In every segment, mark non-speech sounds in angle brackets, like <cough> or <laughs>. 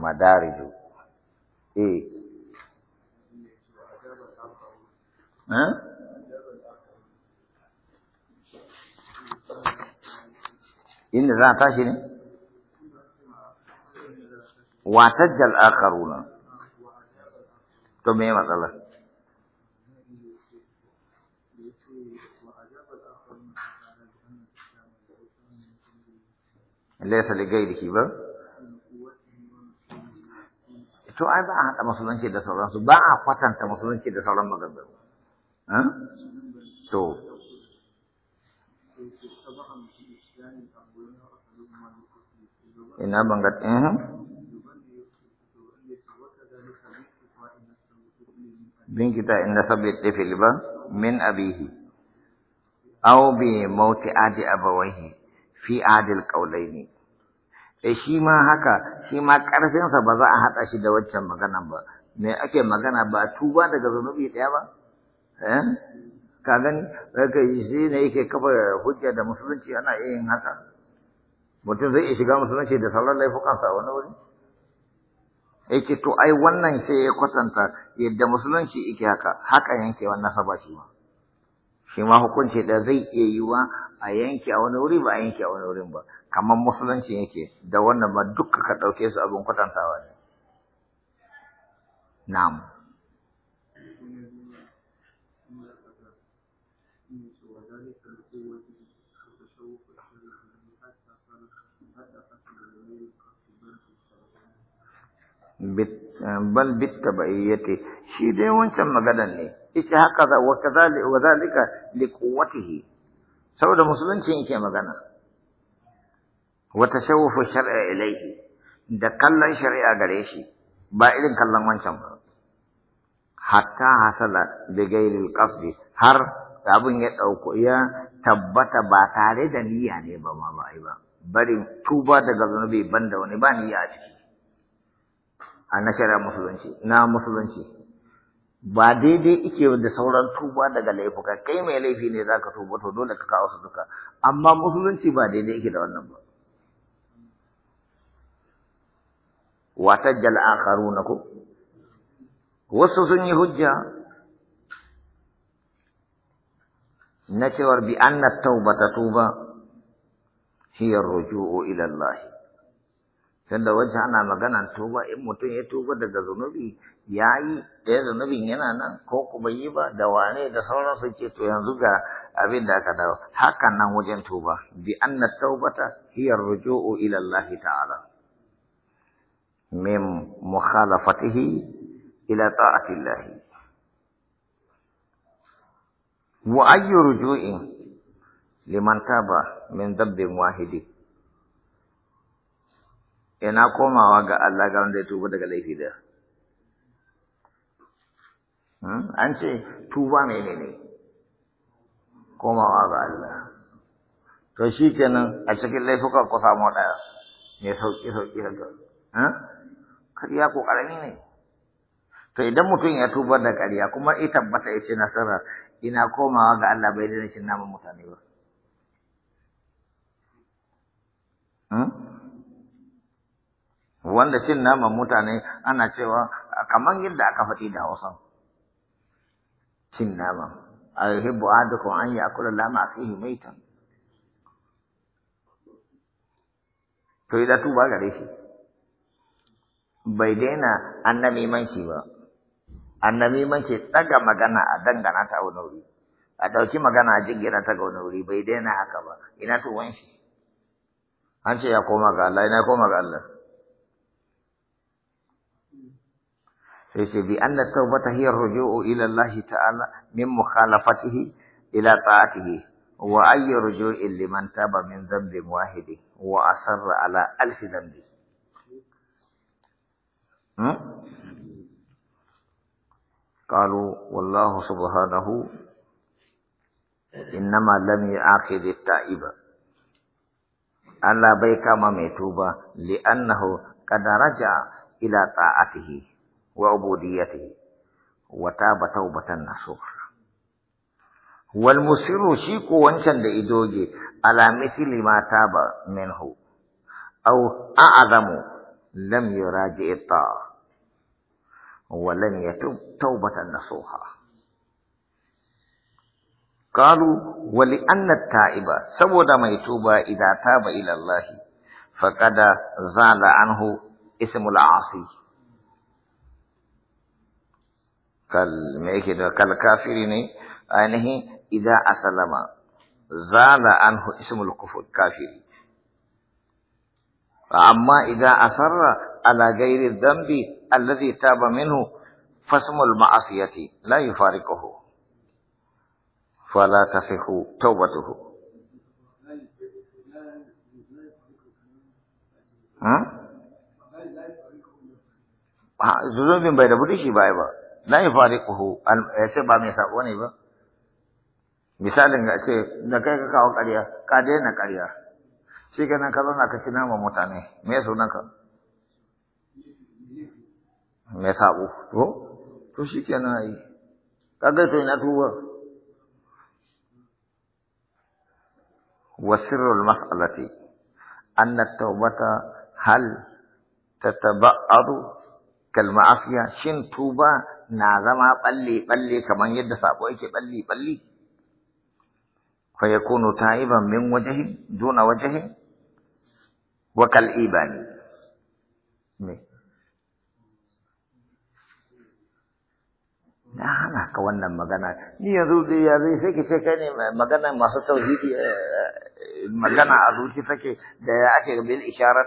madariju eh hm? inda za a tashi ne watajjal akharuna to me matsala. laysa li ghayrihi ba to ai ba a haɗa musulunci da sauransu ba a kwatanta musulunci da sauran maganganu to ina bangat eh bin kita inda sabbi tifil ba min abihi aw bi mauti adi abawaihi fi adil qawlaini E shi ma haka, shi ma ƙarfinsa ba za a haɗa shi da waccan magana ba. Me ake magana ba tuba daga zunubi ɗaya ba? Eh? Ka gani, daga shi ne yake kafa hujja da musulunci ana iya yin haka. Mutum zai iya shiga musulunci da sauran laifukansa wani wuri. Yake to ai wannan sai ya kwatanta yadda musulunci yake haka, haka wannan saba shi ma. Shi ma hukunci da zai iya yiwa a yanke a wani wuri ba a yanke a wani wurin ba. kamar musulunci yake da wannan ba duka ka ɗauke su abin kwatantawa ne na'am bal tabayyati shi dai wancan maganan ne ita haka wa kadhalika wa dhalika saboda musulunci yake magana wata shawufu shar'a ilaihi da kallon shari'a gare shi ba irin kallon wancan ba hatta hasala da gairil qasdi har abin ya dauko ya tabbata ba tare da niyya ne ba ma ba ai ba Bari tuba daga zunubi banda wani ba niyya a ciki a na shari'a musulunci na musulunci ba daidai ike da sauran tuba daga laifuka kai mai laifi ne zaka tuba to dole ka kawo su duka amma musulunci ba daidai ike da wannan ba watajjal akharuna ko wasu sun yi hujja na cewar bi anna taubata tuba hiya ruju'u ila Allah tunda wajen ana maganan tuba in mutum ya tuba daga zunubi yayi ɗaya eh, zunubin yana nan ko kuma yi ba da wane da su ce to yanzu ga abin da aka dawo hakan nan wajen tuba bi anna taubata hiyar ruju'u ila Allah ta'ala mim mukhalafatihi ila ta'atillah wa ayyu ruju'in liman taba min ذنب wahidi ina komawa ga Allah ga wanda ya tuba daga laifi da hmm? an ce tuba ne? komawa ga Allah to shi kenan a cikin laifuka ku samu ɗaya ne sauki-sauki haka hmm? ƙarya ko ƙarami ne to idan mutum ya tuba da ƙarya kuma ya tabbata ya ce nasara ina komawa ga Allah bai daina shi naman mutane ba hmm? wanda cin naman mutane ana cewa kamar yadda aka faɗi da hausa cin naman a yuhibbu ahadukum an akula lama fihi maitan to idan tuba gare shi bai daina annabi manci ba annabi manci daga magana a dangana ta wani wuri a ɗauki magana a jingina ta wani wuri bai daina haka ba ina to wanshi an ce ya koma ga Allah ina koma ga Allah sai ce bi anna tawbata hiya ruju'u ila Allah ta'ala min mukhalafatihi ila ta'atihi wa ayyu ruju'in liman taba min dhanbin wahidi wa asarra ala alfi dhanbi قالوا والله سبحانه إنما لم يعاقب التائب ألا بيك ما ميتوبة لأنه قد رجع إلى طاعته وعبوديته وتاب توبة نصوح والمسر شيكو وانشان لإدوجي على مثل ما تاب منه أو أعظم لم يراجع الطاعة ولم يتوب توبة نصوحة قالوا ولأن التائب سود ما يتوب إذا تاب إلى الله فقد زال عنه اسم العاصي كافرين أنه إذا أسلم زال عنه اسم الكفر الكافرين فأما إذا أصر على غير الذنب الذي تاب منه فاسم المعصية لا يفارقه فلا تصح توبته ها زوجين بين بيت بدي شيء بايبا لا يفارقه ऐसे बा में ऐसा हो नहीं वो मिसाल है ऐसे न कह का कार्य कार्य न कार्य shi kenan ka zauna ka ci mutane me sunanka me sabo to to shi kenan ai kaga to ina tuba wa sirrul mas'alati anna tawbata hal tataba'adu kal shin tuba na zama balle balle kaman yadda sabo yake balle balle fa yakunu ta'iban min wajhi duna wajhi وكالإيبان نعم كوانا مغانا نيادو دي يابي سيكي سيكي يعني مغانا محسو هيدي آه، آه، مغانا أدوشي فكي دي أخير بالإشارة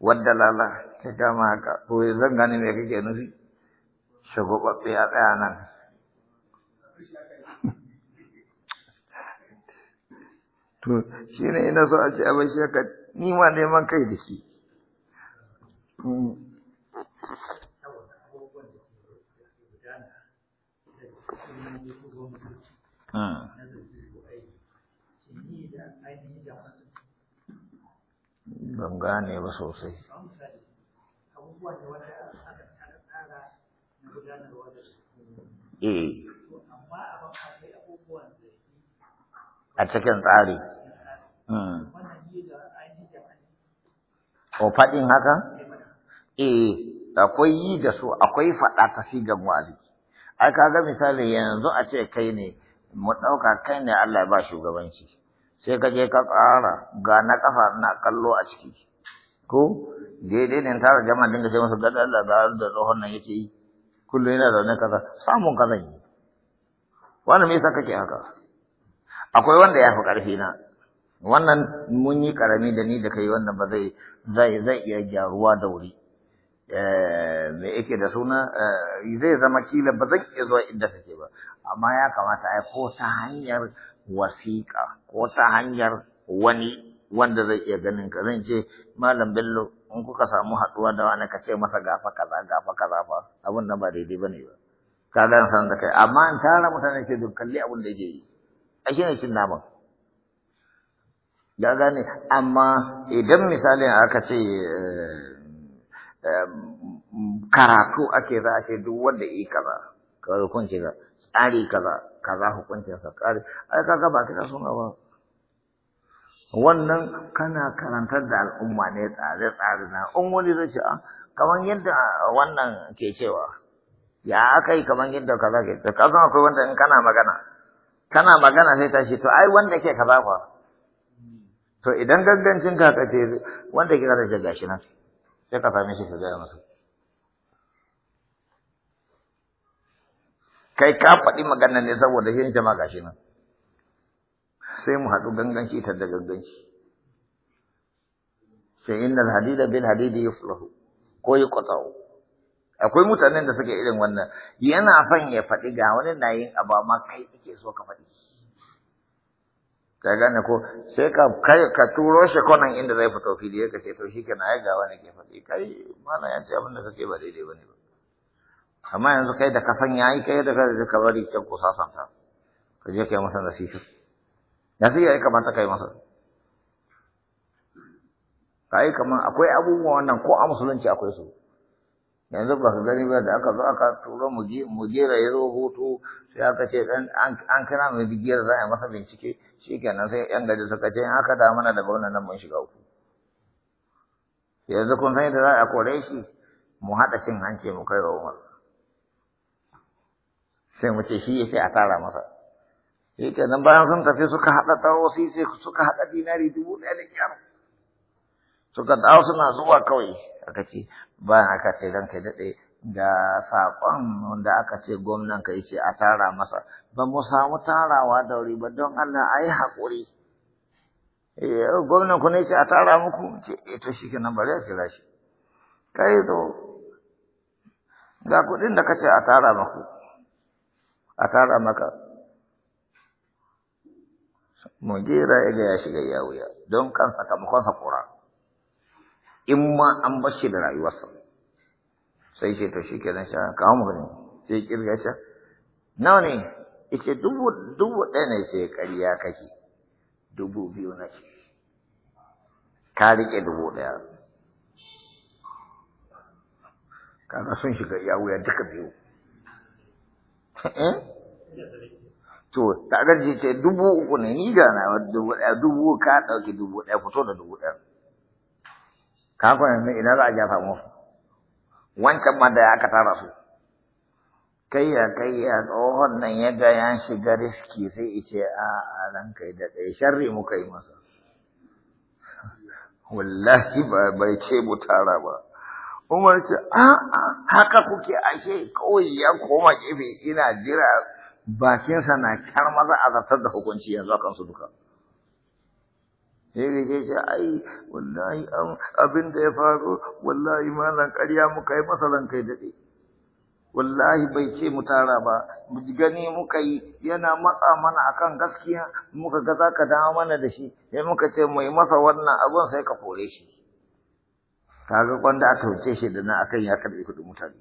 والدلالة كما هو زنغاني يعني ميكي جنوزي شغو بطيا بيانا <laughs> شيني نصر أشياء بشيكي ni ma neman kai da shi mm. ah. ban gane ba sosai eh a cikin tsari mm. ko faɗin haka? Eh, akwai yi da su akwai faɗa ta ga wa'azi. Ai, kaga misali yanzu a ce kai ne, mu ɗauka kai ne Allah ba shugabanci. Sai ka je ka ƙara ga na ƙafa na kallo a ciki. Ko, daidai ne tara jama'a dinga ce musu gada Allah da tsohon nan yake yi. Kullum yana zaune kaza, samun kaza yi. Wani me yasa kake haka? Akwai wanda ya fi ƙarfi na, wannan mun yi karami da ni da kai wannan ba zai zai zai iya gyaruwa da wuri eh, me yake da suna eh, zai zama kila ba zan iya zuwa inda kake ba amma ya kamata ai ko ta hanyar wasiƙa ko ta hanyar wani wanda zai iya ganin ka zan ce malam bello in kuka samu haɗuwa da wani ka ce masa gafa kaza gafa kaza fa abin nan ba daidai bane ba ka gane san da kai amma in tara mutane ke dukkan kalli abin da yake yi a shine ne cin naman ya gane amma idan misalin aka ce eh, eh, karatu ake za a ce duk wanda yi kaza kaza hukunci ga tsari kaza kaza hukuncinsa tsari ai kaga ba kira suna ba wannan kana karantar da al'umma ne tsare tsare na in wani zai ce ah, kamar yadda wannan ke cewa ya aka yi kamar yadda kaza ke kaza akwai wanda in kana magana kana magana sai tashi to ai wanda ke kaza fa to idan gangancin ka ka ce wanda kira da gashi nan sai ka same shi ka gaya masa kai ka faɗi magana ne saboda shi jama gashi nan sai mu haɗu ganganci ta da ganganci sai al hadida bil hadidi yuflahu ko yuqta'u akwai mutanen da suke irin wannan yana son ya faɗi ga wani na yin abu amma kai kake so ka faɗi ka gane ko sai ka kai ka turo shi konan inda zai fito fili ka ce to shi ke na ga wani ke faɗi kai mana ya ce abin da kake ba daidai bane ba amma yanzu kai da kasan yayi kai da ka bari can ku sasanta ka je kai masa nasiha nasiha ya ta kai masa kai kamar akwai abubuwa wannan ko a musulunci akwai su yanzu ba ka gani ba da aka zo aka turo mu jera ya zo hutu sai aka ce an kana mai bigiyar za a masa bincike shi kenan sai yan gari suka ce haka da mana da bauna nan mun shiga uku yanzu kun san yadda za a kore shi mu haɗa cin hanci mu kai wa umar sai mu ce shi ya ce a tara masa shi kenan bayan sun tafi suka haɗa taro sai suka haɗa dinari dubu ɗaya da kyar suka dawo suna zuwa kawai aka ce bayan aka ce ranka daɗe ga saƙon wanda aka ce gwamnan ka ce a tara masa ba mu samu tarawa da wuri ba don Allah a yi haƙuri eh, gwamnan ku ne ce a tara muku ce e to shi nan bari a kira shi kai to ga kuɗin da kace a tara maku a tara maka mujera ya ga ya shiga ya wuya don kan sakamakonsa kura in ma an bar shi da rayuwarsa sai ce to shi kenan sha kawo mu gani sai kirga sha nawa ne ice dubu dubu ɗaya ne sai ƙarya kake dubu biyu na ce ka riƙe dubu ɗaya kaga sun shiga ya wuya duka biyu eh? to ta gaji ce dubu uku ne ni gana na dubu ɗaya dubu ka ɗauki dubu ɗaya fito da dubu ɗaya ka kwanan ina za a ja mu wancan ma da aka tara su kai ya kai ya tsohon nan ya ga ya shiga riski sai ce a a ran kai da kai sharri mu kai masa <laughs> wallahi ba bai ce mu tara ba Umar ce a a haka kuke ashe kawai ya koma gefe ina jira bakinsa na kar maza a zartar da hukunci yanzu akan su duka. sai ga ke shi ai wallahi abin da ya faru wallahi malam ƙarya muka yi masa ran daɗe wallahi bai ce mu tara ba gani muka yi yana matsa mana akan gaskiya muka ga za ka dawo mana da shi sai muka ce mu yi masa wannan abin sai ka kore shi Ta ga kwanda a wuce shi da na akan ya karɓi kuɗin mutane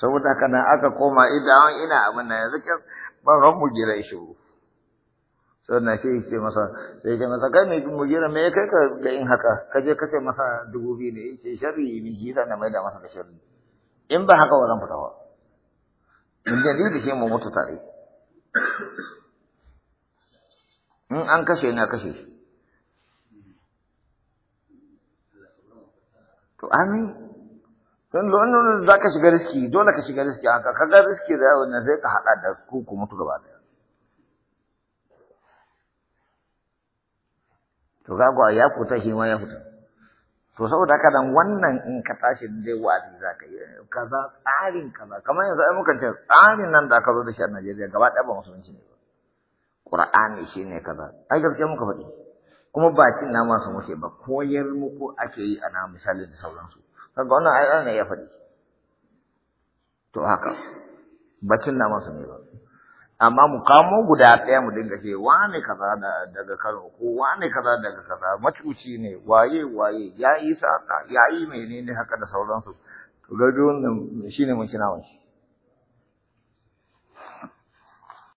saboda haka nan aka koma idan ina abin na yanzu ban ran mu gira shi sannan sai ce masa sai ce masa kai mai jira me kai ka ga in haka ka je ka ce masa dubu biyu ne ce sharri min shi sannan mai da masa da sharri in ba haka wannan fita ba in da ni da shi mu mutu tare in an kashe na kashe shi to amin don wannan za ka shiga riski dole ka shiga riski haka kaga riski da yawan sai ka haɗa da ku ku mutu gaba ɗaya to kaga ya fita shi ma ya fita to saboda haka dan wannan in ka tashi dai wa'azi za ka yi eh, kaza tsarin kaza kamar yanzu ai muka ce tsarin nan da aka zo da shi a Najeriya gaba ɗaya ba musulunci ne ba Qur'ani shine kaza ai gaskiya muka faɗi kuma bakin na masu mushe ba koyar muku ake yi ana misali da sauransu kaga wannan ai ne ya faɗi to haka bakin na masu ne ba amma mu kamo guda ɗaya mu dinga ce wane kaza daga Kano ko wane kaza daga kaza macuci ne waye waye ya yi sata ya yi menene haka da sauransu to gaggawar shi shine mun kina wani